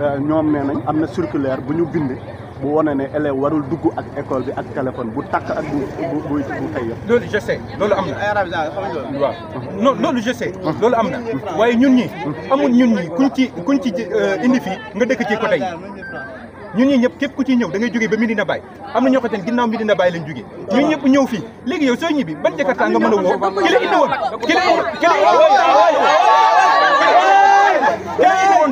Euh, ñoom nee nañ am na circulaire bu ñu bind bu wane ne élève warul dugg ak école bi ak téléphone bu tàkk ak bu bu bu bu tey yëpp. loolu je sais loolu am na. waaw non loolu je sais. loolu am na waaye ñun ñi amul ñun ñi kuñ ci kuñ ci euh, indi fii nga dëkk ci côté yi. ñun ñii ñëpp képp ku ci ñëw da ngay jógee ba Medina Baye am na ñoo xamante ne ginnaaw Medina Baye lañ jógee ñun ñëpp ñëw fii léegi yow soo ñibbi ban jakarta nga mën a woo ki la indi woon ki indi woon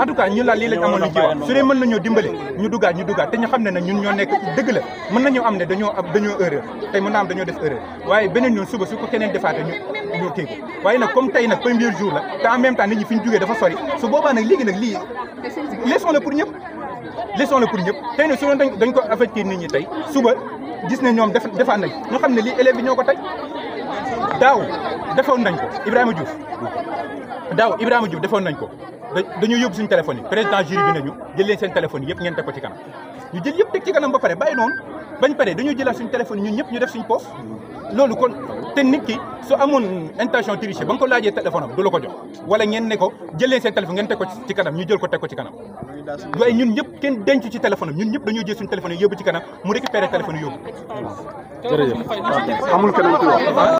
en tout cas ñun laa lii lañ amoon lu ci wax su dee mën nañoo dimbale ñu dugaat ñu dugaat te ñu xam ne ne ñun ñoo nekk dëgg la mën nañoo am ne dañoo am dañoo erreur tey mën naa am dañoo def erreur waaye beneen yoon suba su ko keneen defaate ñu ñu kii ko waaye nag comme tey nag premier jour la te en même temps nit ñi fi ñu jugee dafa sori su boobaa nag léegi nag lii leçon la pour ñëpp leçon la pour ñëpp tey nag su doon dañ ko affecté nit ñi tey suba gis ne ñoom def defaan nañ ñu xam ne lii élèves yi ñoo ko tey daaw defoon nañ ko Ibrahima Diouf daaw Ibrahima Diouf defoon nañ ko dañu yóbbu suñu téléphone yi président jury bi nañu jël leen seen téléphone yi yëpp ngeen teg ko ci kanam ñu jël yëpp teg ci kanam ba pare bàyyi noonu bañ pare dañu jëlaat suñu téléphone ñun ñëpp ñu def suñu poche loolu kon te nit ki su amoon intention tricher ba nga ko laajee téléphone du la ko jox wala ngeen ne ko jël leen seen téléphone ngeen teg ko ci kanam ñu jël ko teg ko ci kanam waaye ñun ñëpp kenn denc ci téléphone am ñun ñëpp dañoo jël suñu téléphone yi yóbbu ci kanam mu récupéré téléphone yi yóbbu